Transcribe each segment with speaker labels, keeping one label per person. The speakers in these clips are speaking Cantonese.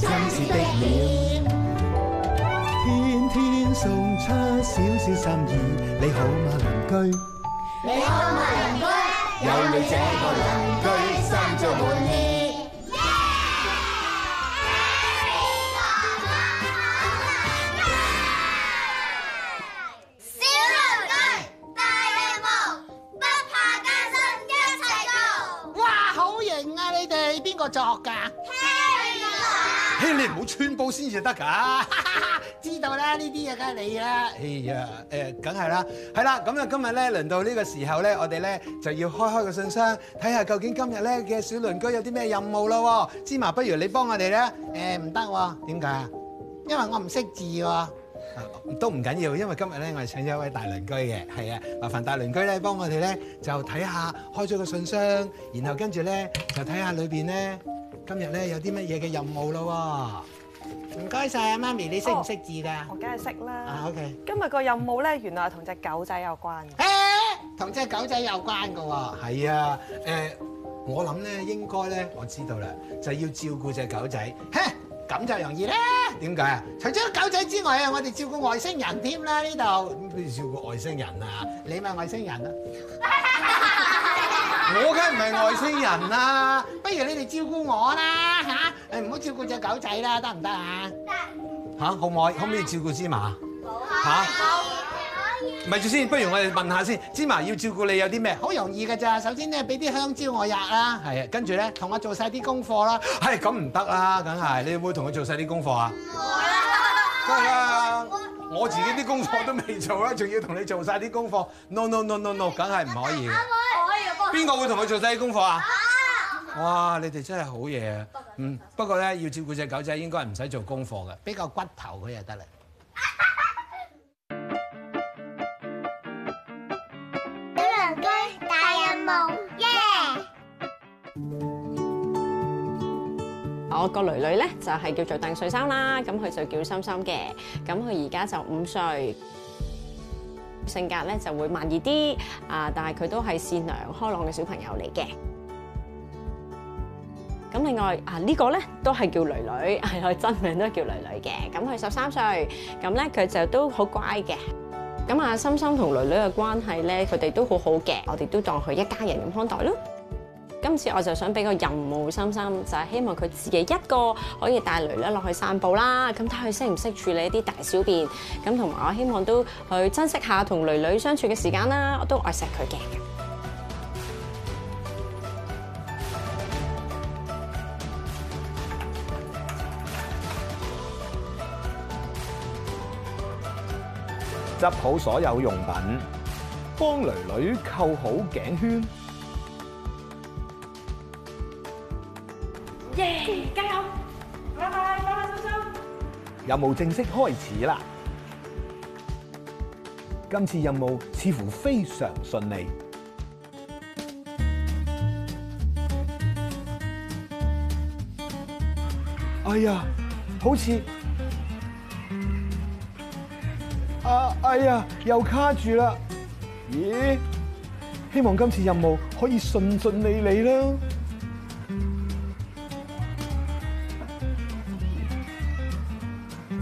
Speaker 1: 的天天送出少少心意。你好嗎，鄰居？
Speaker 2: 你好嗎，鄰居？
Speaker 1: 有你這個
Speaker 2: 鄰居，
Speaker 1: 心中滿意
Speaker 2: Yeah! Yeah!、啊。Yeah! 小鄰居，大任務，不怕艱
Speaker 1: 辛，一齊做。哇，好型啊！你哋邊個作㗎？Hey, 你唔好穿煲先至得噶， 知道啦，呢啲嘢梗係你啦。哎呀，誒，梗係啦，係啦，咁啊，今日咧輪到呢個時候咧，我哋咧就要開開個信箱，睇下究竟今日咧嘅小鄰居有啲咩任務咯、啊。芝麻，不如你幫我哋咧？誒，唔得喎，點解啊？因為我唔識字喎、啊啊。都唔緊要，因為今日咧，我係請咗一位大鄰居嘅，係啊，麻煩大鄰居咧幫我哋咧就睇下開咗個信箱，然後跟住咧就睇下裏邊咧。今日咧有啲乜嘢嘅任務咯喎，唔該曬啊媽咪，你識唔識字㗎？我梗
Speaker 2: 係識啦。啊，OK。今日個任務咧，原來係同隻
Speaker 1: 狗仔有關。誒，同隻狗仔有關㗎喎。係啊，誒，我諗咧應該咧，我知道啦，就係要照顧隻狗仔。嘿，咁就容易啦。點解啊？除咗狗仔之外啊，我哋照顧外星人添啦，呢度。咁要照顧外星人啊？你係外星人啊？
Speaker 2: 我梗唔係外星人啦，
Speaker 1: 不如你哋照顧我啦嚇！誒唔好照顧隻狗仔啦，得唔得啊？得嚇，可唔可以可唔可以照顧芝麻？唔好嚇，唔可以。唔係住先，不如我哋問下先，芝麻要照顧你有啲咩？好容易㗎咋，首先咧俾啲香蕉我食啦，係啊，跟住咧同我做晒啲功課啦。係咁唔得啦，梗係你會唔會同佢做晒啲功課啊？冇啦。梗係啦，我自己啲功課都未做啦，仲要同你做晒啲功課？No no no no no，梗係唔可以。
Speaker 2: 邊個會同佢做曬啲功課啊？啊！哇！
Speaker 1: 你哋真係好嘢啊！嗯，不過咧要照顧隻狗仔應該係唔使做功課嘅，比較骨頭佢就得啦。
Speaker 2: 小鄰居大任務耶！我個囡囡咧就係叫做鄧萃芯啦，咁佢就叫心心嘅，咁佢而家就五歲，性格咧就會慢熱啲啊，但係佢都係善良開朗嘅小朋友嚟嘅。咁另外啊，呢個咧都係叫囡囡，係佢真名都係叫囡囡嘅。咁佢十三歲，咁咧佢就都好乖嘅。咁啊，心心同囡囡嘅關係咧，佢哋都好好嘅，我哋都當佢一家人咁看待咯。今次我就想俾個任務芯芯，就係希望佢自己一個可以帶囡囡落去散步啦。咁睇下佢識唔識處理啲大小便，咁同埋我希望都去珍惜下同囡囡相處嘅時間啦。我都愛錫佢嘅。
Speaker 1: 執好所有用品，幫囡囡扣好頸圈。
Speaker 2: 加油！拜拜，拜拜，叔
Speaker 1: 叔。任務正式開始啦！今次任務似乎非常順利。哎呀，好似啊，哎呀，又卡住啦！咦？希望今次任務可以順順利利啦！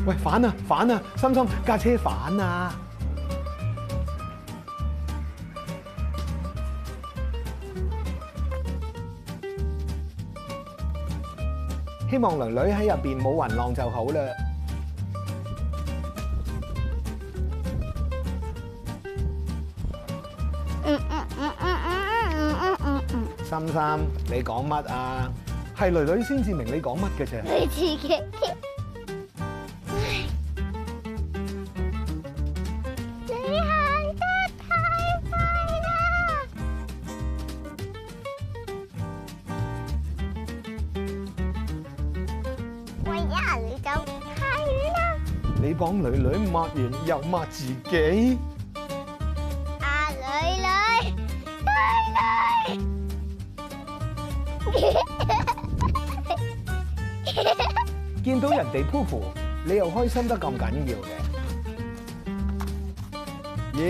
Speaker 1: 喂，反啊反啊，心心，架車反啊！心心啊，希望女女喺入邊冇云浪就好啦。嗯嗯嗯嗯嗯嗯嗯嗯嗯，心心，你講乜啊？係女女先至明你講乜嘅啫。你自己。女女，抹完又抹自己，
Speaker 2: 啊！囡囡，囡囡，
Speaker 1: 見到人哋潑婦，你又開心得咁緊要嘅？咦？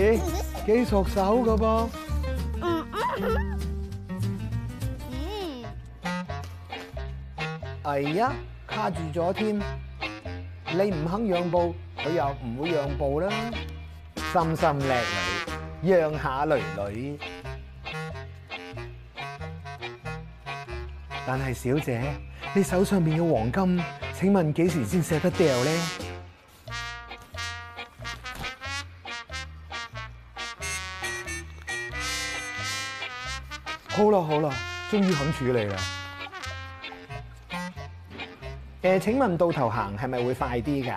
Speaker 1: 幾熟手㗎噃？嗯嗯嗯。哎呀，卡住咗添，你唔肯讓步。佢又唔會讓步啦，心心叻女，讓下囡囡。但係小姐，你手上邊嘅黃金，請問幾時先捨得掉呢？好啦好啦，終於肯處理啦。誒，請問倒頭行係咪會快啲㗎？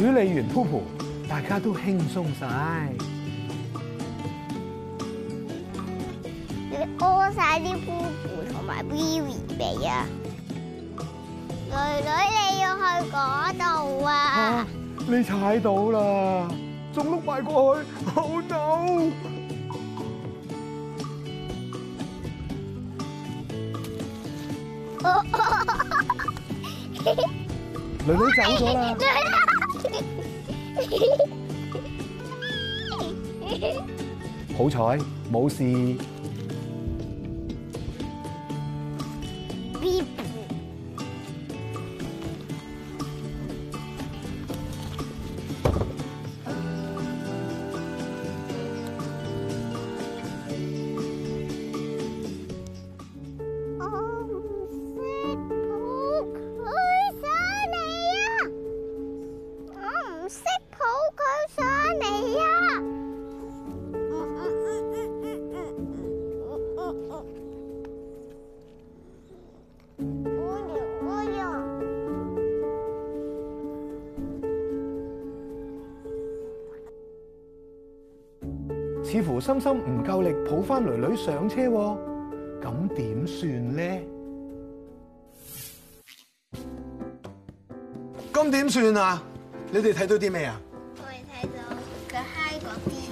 Speaker 1: 處理完撲撲，大家都輕鬆晒。
Speaker 2: 你屙晒啲撲撲同埋 B B
Speaker 1: 味啊！
Speaker 2: 囡囡你要去嗰度
Speaker 1: 啊？你踩到啦，仲碌埋過去，Oh no！囡囡走咗啦！好彩冇事。似乎心心唔夠力抱返囡囡上車。咁點算咧？咁點算啊？你哋睇到啲咩啊？我哋
Speaker 2: 睇
Speaker 1: 到佢嗨講啲嘢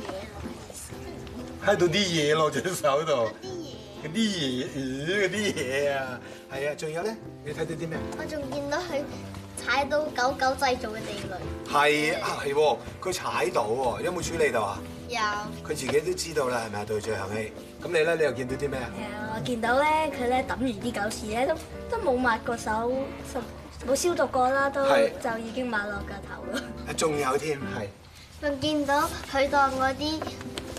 Speaker 1: 咯，嗨到啲嘢落喺隻手度。啲嘢、嗯，嗰啲嘢，啲嘢啊，係啊，仲有咧，你睇到啲咩？我
Speaker 2: 仲見到佢踩到狗狗製造
Speaker 1: 嘅地雷，係啊係，佢踩到喎，有冇處理到啊？佢自己都知道啦，係咪啊？對嘴行氣。咁你咧，你又見到啲咩
Speaker 2: 啊？我見到咧，佢咧抌完啲狗屎咧，都都冇抹過手，冇消毒過啦，都就已經抹落個頭
Speaker 1: 啦。仲有添，係。
Speaker 2: 仲見到佢當嗰啲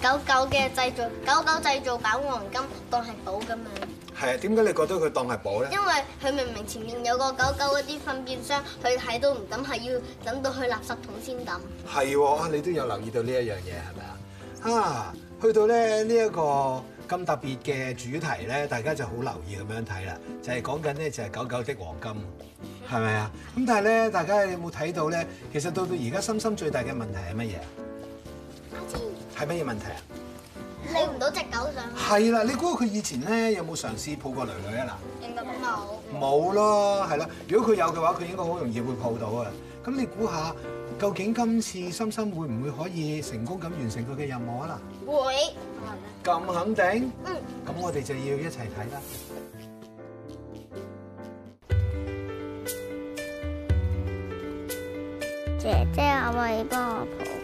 Speaker 2: 狗狗嘅製造，狗狗製造板黃金當係寶咁樣？
Speaker 1: 係啊，點解你覺得佢當係寶咧？因
Speaker 2: 為佢明明前面有個狗狗嗰啲糞便箱，佢睇到唔抌，係要等到去垃圾桶先抌。
Speaker 1: 係啊，你都有留意到呢一樣嘢，係咪啊？啊，去到咧呢一個咁特別嘅主題咧，大家就好留意咁樣睇啦，就是，就係講緊咧就係狗狗的黃金，係咪啊？咁 但係咧，大家有冇睇到咧？其實到到而家，芯芯最大嘅問題係乜嘢？阿芝，係乜嘢問題啊？lift
Speaker 2: 唔到隻狗上
Speaker 1: 去。係啦，你估佢以前咧有冇嘗試抱過囡囡啊？嗱的，應該冇。冇咯，係啦。如果佢有嘅話，佢應該好容易會抱到啊。咁你估下？究竟今次心心會唔會可以成功咁完成佢嘅任務啊？嗱，會，咁肯定？嗯，咁我哋就要一齊睇啦。
Speaker 2: 姐姐，可唔可以幫我抱？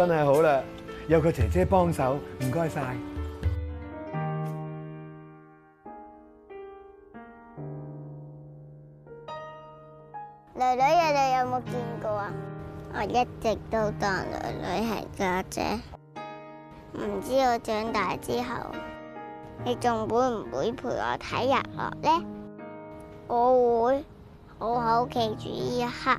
Speaker 1: 真係好啦，有個姐姐幫手，唔該晒。
Speaker 2: 囡囡，你哋有冇見過啊？我一直都當囡囡係家姐。唔知我長大之後，你仲會唔會陪我睇日落咧？我會好好記住依一刻。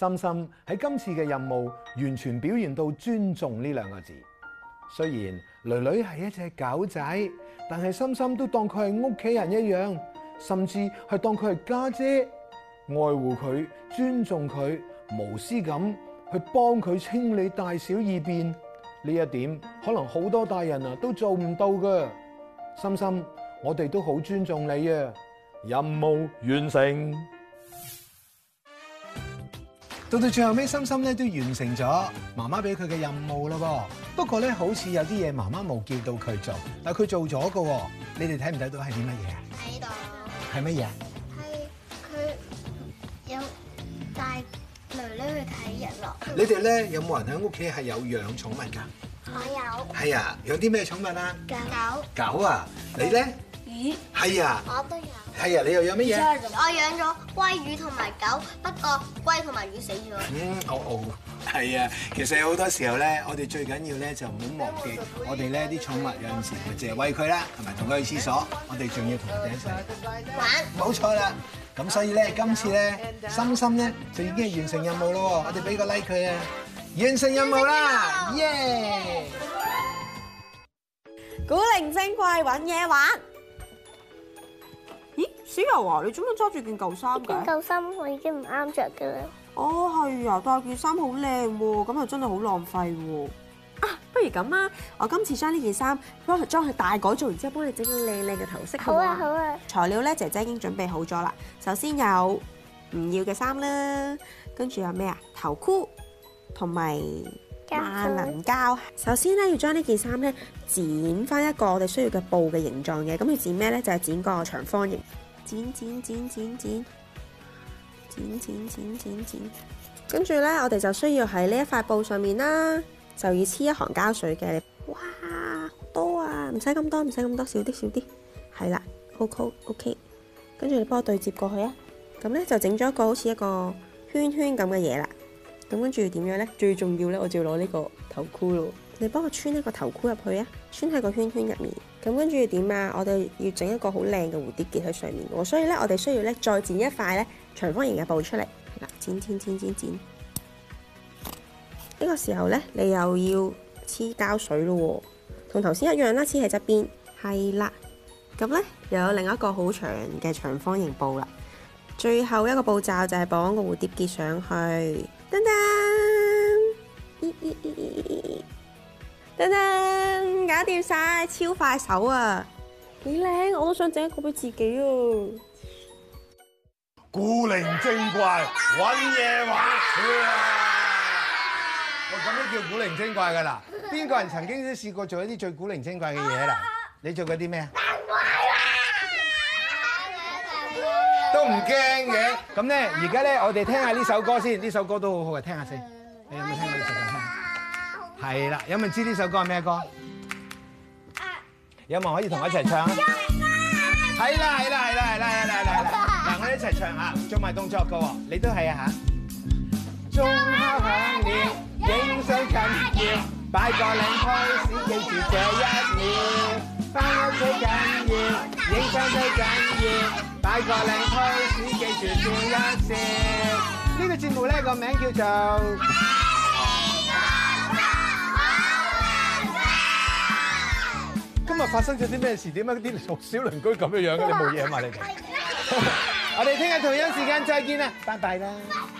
Speaker 1: 芯芯喺今次嘅任務完全表現到尊重呢兩個字。雖然囡囡係一隻狗仔，但係芯芯都當佢係屋企人一樣，甚至係當佢係家姐，愛護佢、尊重佢、無私咁去幫佢清理大小二便。呢一點可能好多大人啊都做唔到㗎。芯芯，我哋都好尊重你啊！任務完成。到到最後尾，心心咧都完成咗媽媽俾佢嘅任務啦噃。不過咧，好似有啲嘢媽媽冇叫到佢做，但佢做咗個喎。你哋睇唔睇到係啲乜嘢啊？睇到裡。係乜嘢啊？
Speaker 2: 係
Speaker 1: 佢有帶囡囡去睇日落。你哋咧有冇人喺屋企係有養寵物㗎？我
Speaker 2: 有。係啊，
Speaker 1: 養啲咩寵物啊？
Speaker 2: 狗腳。狗啊，你咧？嗯魚。咦，
Speaker 1: 係啊，我都有。係啊，你又養乜嘢？我
Speaker 2: 養
Speaker 1: 咗龜魚同埋狗，不過龜同埋魚死咗。嗯，哦哦，係啊。其實好多時候咧，我哋最緊要咧就唔好忘記，我哋咧啲寵物有陣時唔係淨係餵佢啦，同埋同佢去廁所。我哋仲要同佢哋一齊玩。冇錯啦。咁所以咧，今次咧，心心咧就已經係完成任務咯。我哋俾個 like 佢啊！完成任務啦，耶！古靈精怪玩嘢玩。
Speaker 2: 點啊！你做咩揸住件舊衫嘅？件舊衫我已經唔啱着嘅啦。哦，係啊，但係件衫好靚喎，咁又真係好浪費喎。啊，不如咁啊，我今次將呢件衫幫佢裝佢大改造，然之後幫你整個靚靚嘅頭飾好啊，嗎好啊。材料咧，姐姐已經準備好咗啦。首先有唔要嘅衫啦，跟住有咩啊？頭箍同埋萬能膠。首先咧，要將呢件衫咧剪翻一個我哋需要嘅布嘅形狀嘅。咁要剪咩咧？就係、是、剪個長方形。剪剪剪剪剪，剪剪剪剪，跟住呢，我哋就需要喺呢一塊布上面啦，就要黐一行膠水嘅。哇，好多啊，唔使咁多，唔使咁多，少啲少啲。係啦，好，好，OK。跟住你幫我對接過去啊。咁呢，就整咗一個好似一個圈圈咁嘅嘢啦。咁跟住點樣呢？最重要呢，我就要攞呢個頭箍咯。你幫我穿一個頭箍入去啊，穿喺個圈圈入面。咁跟住要點啊？我哋要整一個好靚嘅蝴蝶結喺上面喎，所以咧我哋需要咧再剪一塊咧長方形嘅布出嚟。嗱，剪剪剪剪剪，呢個時候咧你又要黐膠水咯喎，同頭先一樣啦，黐喺側邊。係啦，咁咧又有另一個好長嘅長方形布啦。最後一個步驟就係綁個蝴蝶結上去。噔噔，噔噔。噔噔噔噔搞掂晒，超快手啊！幾靚，我都想整一個俾自己啊！
Speaker 1: 古靈精怪，搵嘢玩啊！我咁都叫古靈精怪噶啦！邊個人曾經都試過做一啲最古靈精怪嘅嘢啦？你做過啲咩啊？都唔驚嘅。咁咧，而家咧，我哋聽下呢首歌先。呢首歌都好好嘅，聽下先。你有冇聽過呢首歌？係啦，有冇知呢首歌係咩歌？有冇人可以同我一齊唱？唱埋歌！係啦、係啦、係啦、係啦、係啦係啦！嗱，我哋一齊唱嚇，做埋動作㗎喎，你都係啊嚇！鐘敲響了，影相緊要，擺個靚 pose 記住這一秒。翻屋企緊要，影相都緊要，擺個靚 pose 記住這一笑。呢個節目咧個名叫做。今日發生咗啲咩事？點解啲小鄰居咁樣樣嘅？哇 你冇嘢啊嘛？你哋的， 我哋聽日同樣時間再見啊！拜拜啦～